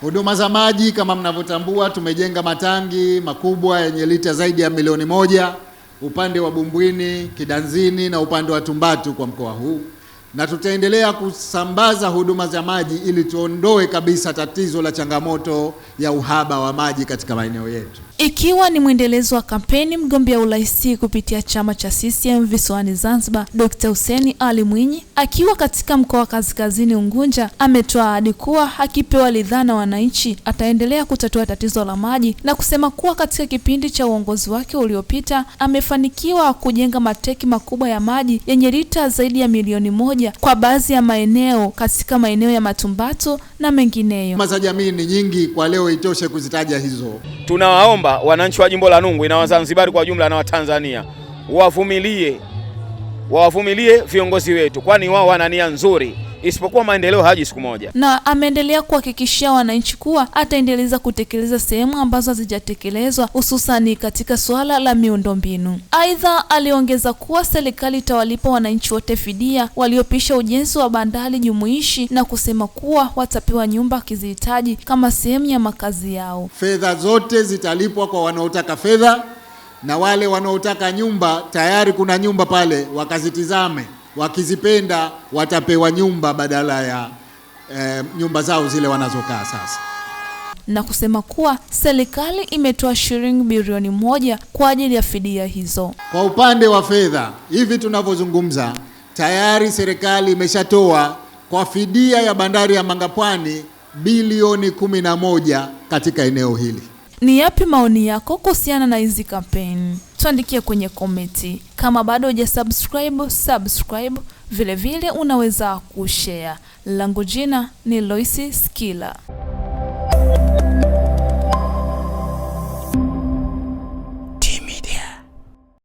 Huduma za maji kama mnavyotambua, tumejenga matangi makubwa yenye lita zaidi ya milioni moja upande wa Bumbwini, Kidanzini na upande wa Tumbatu kwa mkoa huu na tutaendelea kusambaza huduma za maji ili tuondoe kabisa tatizo la changamoto ya uhaba wa maji katika maeneo yetu. Ikiwa ni mwendelezo wa kampeni, mgombea urais kupitia chama cha CCM visiwani Zanzibar, Dkt. Hussein Ali Mwinyi akiwa katika mkoa wa Kaskazini Unguja ametoa ahadi kuwa akipewa ridhaa na wananchi ataendelea kutatua tatizo la maji na kusema kuwa katika kipindi cha uongozi wake uliopita amefanikiwa kujenga mateki makubwa ya maji yenye lita zaidi ya milioni moja moja kwa baadhi ya maeneo katika maeneo ya Matumbato na mengineyo. Maza jamii ni nyingi, kwa leo itoshe kuzitaja hizo. Tunawaomba wananchi wa jimbo la Nungwi na Wazanzibari kwa jumla na Watanzania wavumilie, wawavumilie viongozi wetu, kwani wao wana nia nzuri isipokuwa maendeleo haji siku moja. Na ameendelea kuhakikishia wananchi kuwa ataendeleza kutekeleza sehemu ambazo hazijatekelezwa hususani katika suala la miundombinu. Aidha, aliongeza kuwa serikali itawalipa wananchi wote fidia waliopisha ujenzi wa bandari jumuishi na kusema kuwa watapewa nyumba wakizihitaji kama sehemu ya makazi yao. Fedha zote zitalipwa kwa wanaotaka fedha na wale wanaotaka nyumba, tayari kuna nyumba pale wakazitizame wakizipenda watapewa nyumba badala ya e, nyumba zao zile wanazokaa sasa na kusema kuwa serikali imetoa shilingi bilioni moja kwa ajili ya fidia hizo. Kwa upande wa fedha, hivi tunavyozungumza, tayari serikali imeshatoa kwa fidia ya bandari ya Mangapwani bilioni kumi na moja katika eneo hili. Ni yapi maoni yako kuhusiana na hizi kampeni? Tuandikie kwenye komenti. Kama bado hujasubscribe, subscribe, subscribe. Vile vile unaweza kushare. Langu jina ni Loisi Skila.